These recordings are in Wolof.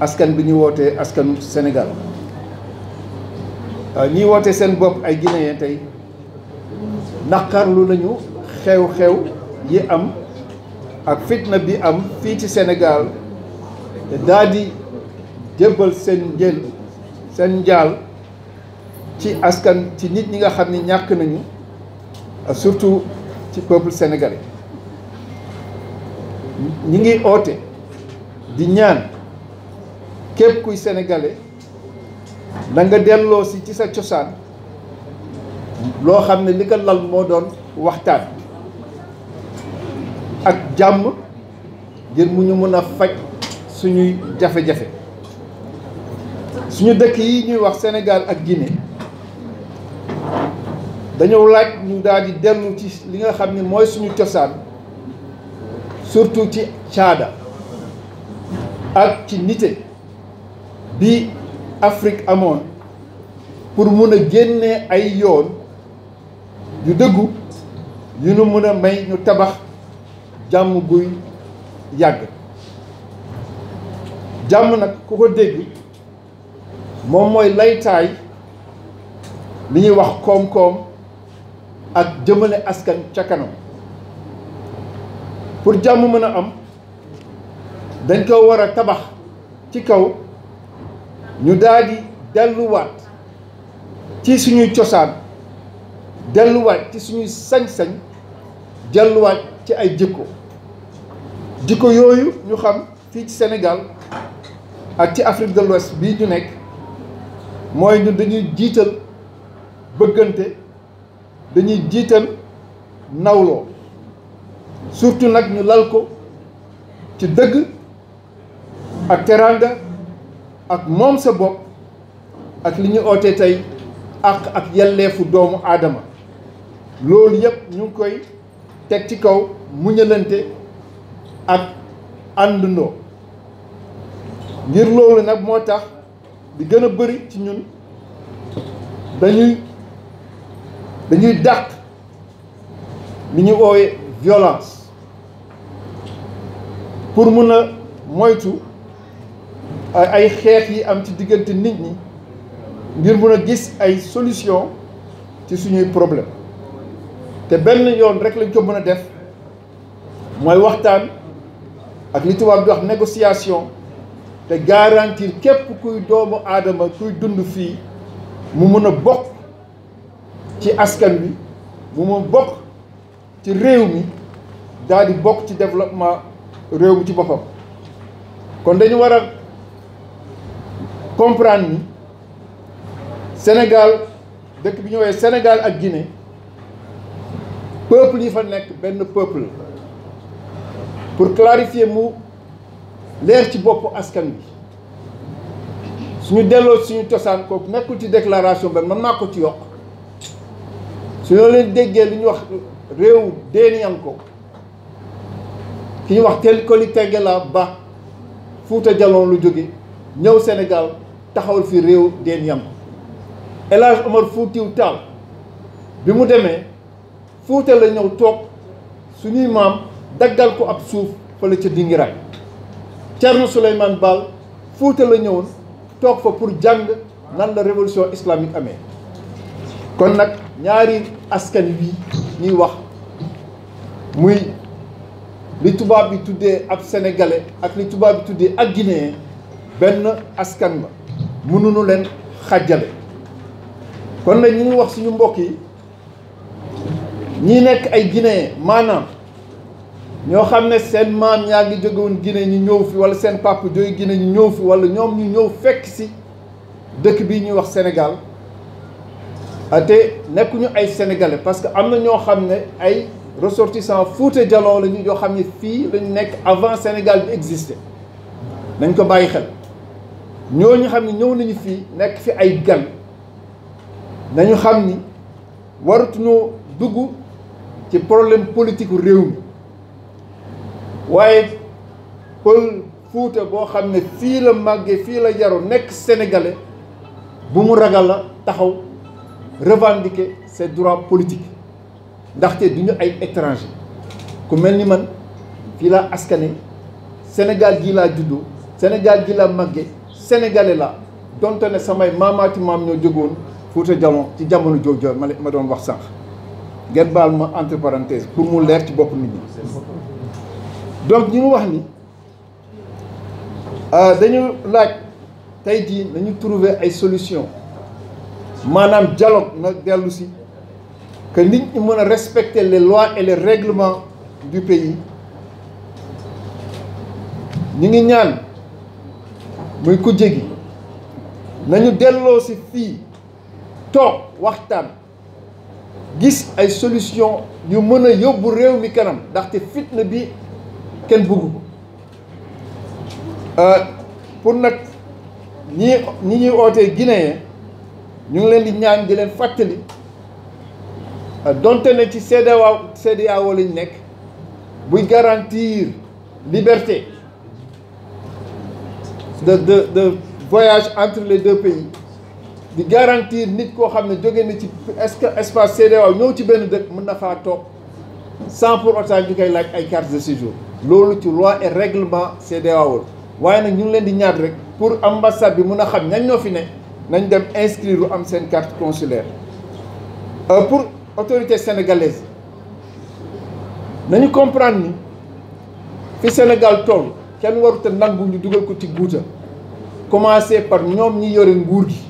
askan bi ñu wootee askanu Sénégal euh, ñiy woote seen bopp ay guinéen tey naqarlu nañu xew-xew yi am ak fitna bi am fii ci Sénégal te daal di seen njël seen njaal ci askan ci nit ñi nga xam ni ñàkk nañu euh, surtout ci peuple sénégalais ñi ngi oote di ñaan Kep kuy sénégalais da nga delo ci ci sa ciossane lo xam li ka lal mo doon waxtaan ak jamm ngir mu ñu mën a faj jafé jafe suñu dëkk yi ñuy wax Sénégal ak Guinée dañu laaj ñu daal di delu ci li nga xam moy suñu ciossane surtout ci caada ak ci nite bi Afrique amoon pour mun a génnee ay yoon yu dëggu yu nu mën a may ñu tabax jàmm guy yàgg jàmm nag ku ko dégg moom mooy laytaay li ñuy wax koom-koom ak jëmale askan ca kanam pour jàmm mën a am dañ ko war a tabax ci kaw ñu daal di delluwaat ci suñuy cosaan delluwaat ci suñuy sañ-sañ delluwaat ci ay jikko jikko yooyu ñu xam fii ci Sénégal ak ci Afrique de l'Ouest bii ñu nekk mooy ñu dañuy jiital bëggante dañuy jiital nawloo surtout nag ñu lal ko ci dëgg ak teraanga ak moom sa bopp ak li ñu ootee tey àq ak yelleefu doomu aadama loolu yëpp ñu koy teg ci kaw muñalante ak àndandoo ngir loolu nag moo tax di gën a bëri ci ñun dañuy dañuy dàq li ñu oowe violence pour mën a moytu ay xeex yi am ci diggante nit ñi ngir mun a gis ay solution ci suñuy problème te benn yoon rek lañ ko mën a def mooy waxtaan ak li tubaab di wax négociation te garantir képp kuy doomu aadama kuy dund fii mu mën a bokk ci askan bi mu mun a bokk ci réew mi daal di bokk ci développement réew mi ci boppam kon dañu war comprendre ni Sénégal dëkk bi ñu woowee Sénégal ak Guinée peuple yi fa nekk benn peuple pour clarifier mu leer ci boppu askan bi suñu delloo suñu cosaan kooku nekkul ci déclaration ba man naa ko ci yokk suñoo leen déggee li ñu wax réew déeniyan ko ki ñu wax tel Koli Tegela Ba Fuuta Jalon lu jóge ñëw Sénégal taxawal fi réew deen yam El Hadj Omar Foutiou Tall bi mu demee Fuuta la ñëw toog suñuy maam daggal ko ab suuf fële ca Dingiraay Thierno Souleymane Baal Fuuta la ñëwoon toog fa pour jàng nan la révolution islamique amee kon nag ñaari askan wi ñuy wax muy li tubaab bi tuddee ab sénégalais ak li tubaab bi tuddee ak guinéen benn askan la mënuñu len les kon nag ñi nous suñu mbokk yi ñi nek ay guiné manam ño xamné sen mam qui woon Guinée fi wala sen papa Guinée ñëw fi wala ñu fekk Sénégal nekkuñu ay parce que nous ño xamné ay ressortissant nous, la ñu Sénégal bi ko xel ñoñu xamni ni nañu fi nek fi ay nañu ni Nous ci problème politique réew mi nous la la sénégalais bu mu ragala taxaw revendiquer ses droits politiques ndaxte duñu ay étranger ku man askane Sénégal gi la Sénégal gi sénégalais la donte ne samay maamaati maam ñoo jógoon Fouta Djalon ci jamono jooju ma ma doon wax sànq ngeen entre parenthèses. pour mu leer ci bopp nit ñi donc nous ngi wax ni euh, dañu laaj tey jii nañu trouver ay solution Madame, dialogue nous avons que nous ñi respecter les lois et les règlements du pays Nous ngi ñaan muy kujje gi nañu delloo si fii toog waxtaan gis ay solution yu mën a yóbbu réew mi kanam ndaxte fitna bi kenn bugg ko euh, pour nag ñi ñi ñuy ootee guinéen ñu ngi leen di ñaan di leen fàttali euh, donte ne ci CEDEAO CEDEAO lañ nekk buy garantir liberté de voyage entre les deux pays de garantir nit les gens ne que espace CDO, nous ne peuvent pas faire sans pour autant de séjour C'est ci loi et règlement nous pour l'ambassade, bi inscrire carte consulaire euh, pour autorité sénégalaise nous comprenons ni Sénégal kenn warut a nangu ñu dugal ko ci guuta commencer par ñoom ñi yore nguur gi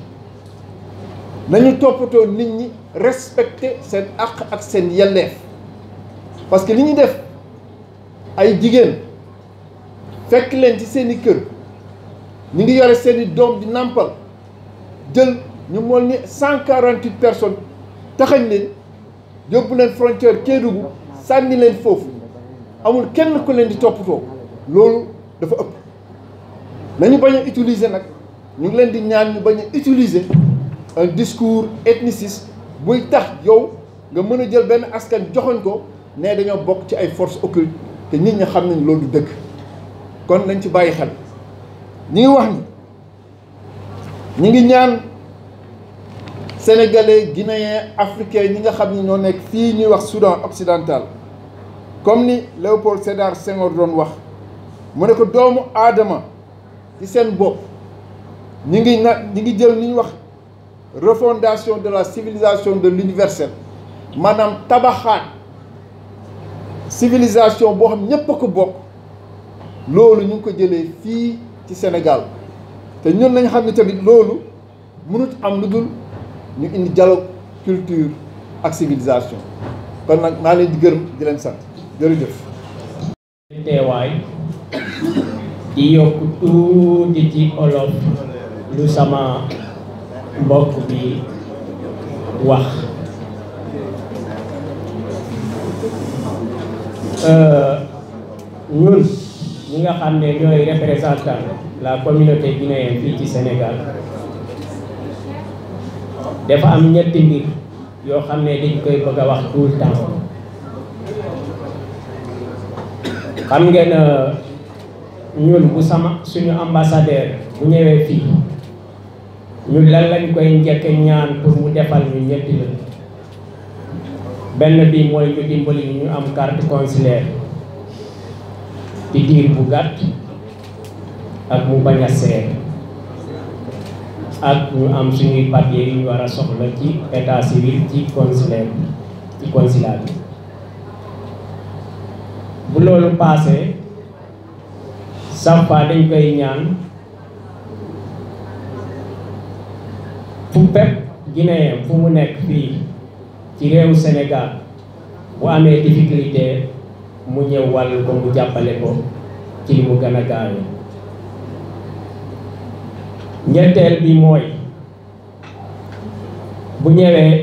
nañu toppatoo nit ñi respecter seen àq ak seen yelleef parce que li ñu def ay jigéen fekk leen ci seeni kër ñu ngi yore seeni doom di nampal jël ñu mool ni cent personnes taxañ leen yóbbu leen frontière Kédougou sànni leen foofu amul kenn ku leen di toppatoo loolu dafa ëpp nañu bañ a utiliser nag ñu ngi leen di ñaan ñu bañ a utiliser un discours ethniciste buy tax yow nga mën a jël benn askan joxoñ ko ne dañoo bokk ci ay forces occultes te nit ñi xam nañ loolu dëkk kon nañ ci bàyyi xel ñi ngi wax ni ñi ngi ñaan sénégalais guinéens africains ñi nga xam ni ñoo nekk fii ñuy wax Soudan occidental comme ni Léopold Sédar Senghor doon wax Je ne ko doomu aadama ci seen refondation de la civilisation de l'universel Madame tabaxaat civilisation boo xam ñépp ko bokk loolu ñu ko Sénégal te ñun nañ xam ne tamit loolu mënut am culture ak civilisation kon nag maa di Tewai iyo kutu jiji olof lu sama mbokk eh, kan. di wah, ñun ñi nga xam ne ñooy représentant la communauté guinéenne di di Sénégal dafa am ñetti mbir yoo xam ne dañ koy tout temps xam ngeen euh, ñun bu sama suñu ambassadeur bu ñëwee fii ñun lan lañ koy njëkk ñaan pour mu defal ñu ñetti la benn bi mooy ñu dimbali ñu am carte consulaire ci diir bu gàtt ak mu bañ a seer ak ñu am suñuy papier ñu war a soxla ci état civil ci consulaire ci consulat bu loolu paasee sàmpa dañ koy ñaan fu bépp guinéen fu mu nekk fii ci réewu Sénégal bu amee difficulté mu ñëw wàllu ko mu jàppale ko ci li mu gën a gaawe ñetteel bi mooy bu ñëwee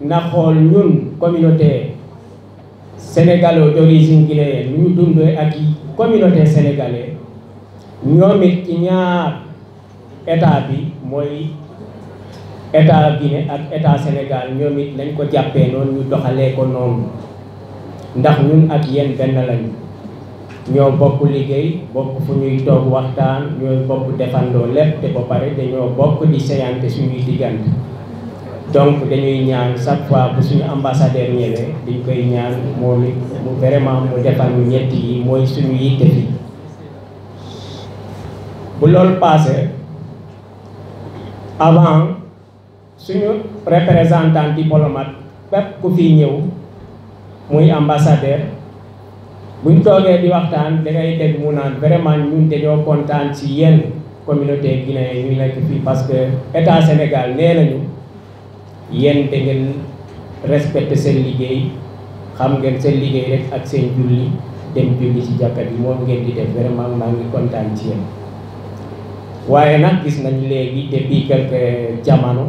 na xool ñun communauté sénégalo d'origine guinéenne ñu dundee ak communauté sénégalaise ñoom it ci ñaar état bi mooy état Guinée ak état Sénégal ñoom it lañ ko jàppee noonu ñu doxalee ko noonu ndax ñun ak yéen benn lañu ñoo bokk liggéey bokk fu ñuy toog waxtaan ñoo bokk defandoo lépp te ba pare dañoo bokk di séyante suñuy diggante donc dañuy ñaan chaque fois bu suñu ambassadeur ñëwee dañ koy ñaan moom mu vraiment mu defal ñu ñett yi mooy suñu yitte fi bu loolu passé avant suñu représentant diplomate bépp ku fi ñëw muy ambassadeur buñ toogee di waxtaan da ngay dégg mu naan vraiment ñun dañoo kontaan ci yenn communauté guinéen ñu nekk fii parce que état Sénégal nee nañu yéen te ngeen respecté seen liggéey xam ngeen seen liggéey rek ak seen julli dem julli ci jàkka bi moom ngeen di def vraiment maa ngi kontaan ci yéen waaye nag gis nañ léegi depuis quelque jamono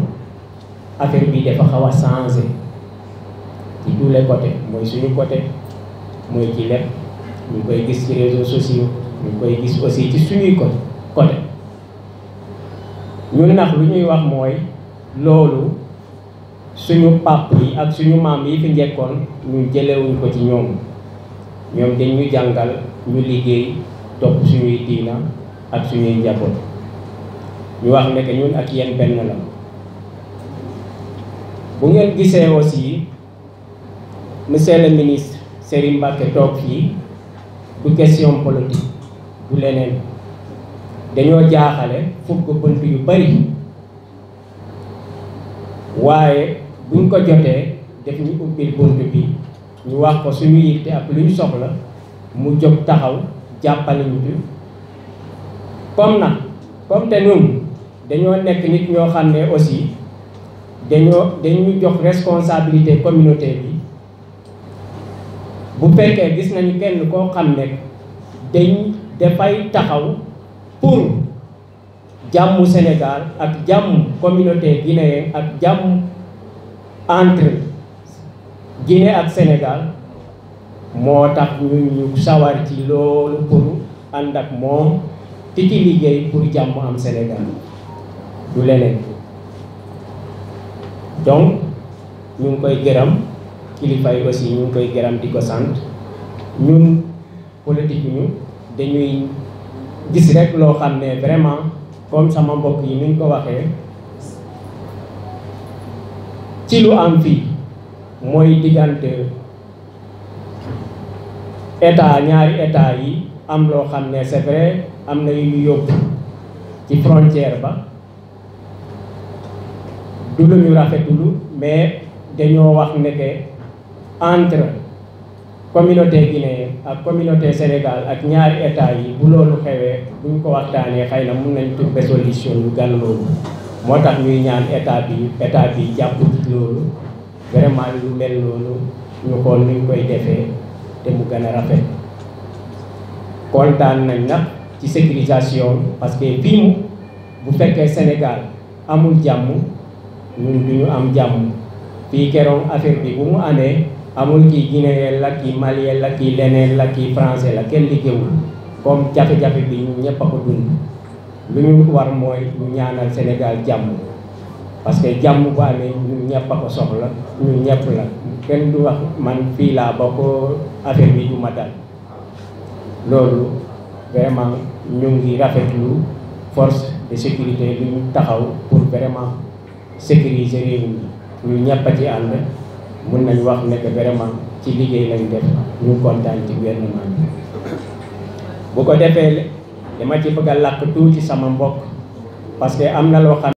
affaire bi dafa xaw a changé ci dule les côtés mooy suñu côté mooy ci lépp ñu koy gis ci réseaux sociaux ñu koy gis aussi ci suñuy côté côté ñun nag lu ñuy wax mooy loolu suñu pàpp yi ak suñu maam yi fi njëkkoon ñu jëlewuñ ko ci ñoom ñoom dañ ñu jàngal ñu liggéey topp suñuy diina ak suñuy njaboot ñu wax ne ñun ak yenn benn la bu ngeen gisee aussi monsieur le ministre Serigne Mbacké toog fii du question politique du leneen dañoo jaaxale fukk bunt yu bari waaye buñ ko jotee def ñu ubbil bunt bi ñu wax ko suñu yitte ak luñ soxla mu jóg taxaw jàppale bi ci comme nag comme te ñun dañoo nekk nit ñoo xam ne aussi dañoo dañu jox responsabilité communauté bi bu fekkee gis nañu kenn koo xam ne dañ dafay taxaw pour jàmmu Sénégal ak jàmm communauté guinéen ak jàmm entre Guinée ak Sénégal moo tax ñu ñu sawar ci loolu pour ànd ak moom ti ci liggéey pour jàmm am Sénégal du leneen donc ñu ngi koy gërëm kilifa yi aussi ñu ngi koy gërëm di ko sant ñun politique ñu dañuy gis rek loo xam ne vraiment comme sama mbokk yi ni ñu ko waxee ci lu am fii mooy diggante état ñaari état yi am loo xam ne c'est vrai am na yu ñu yóbbu ci frontière ba du lu ñu rafetulu mais dañoo wax ne que entre communauté guinéenne ak communauté Sénégal ak ñaari état yi bu loolu xewee buñ ko waxtaanee xëy na mun nañ trouver solution yu gàll loolu moo tax ñuy ñaan état bi état bi jàpp ci loolu vraiment lu mel loolu ñu xool nuñ koy defee te mu gën a rafet kontaan nañ nag ci sécurisation parce que fii mu bu fekkee Sénégal amul jàmm ñun du ñu am jàmm fii keroog affaire bi bu mu amee amul kii guinéen la kii malien la kii leneen la kii français la kenn liggéeyul comme jafe-jafe bi ñun ñëpp a ko dund lu ñu war mooy ñu ñaanal Sénégal jàmm parce que jàmm bu amee ñun ñëpp a ko soxla ñun ñëpp la kenn du wax man fii laa bokk affaire bi du dal loolu vraiment ñu ngi rafet rafetlu force de sécurité lu ñu taxaw pour vraiment sécuriser réew mi ñu ñëpp a ci ànd mun nañu wax ne que vraiment ci liggéey lañ def ñu kontaan ci gouvernement bu ko defee dama ya, ci bëgg lakk tuuti sama mbokk parce que am na loo xam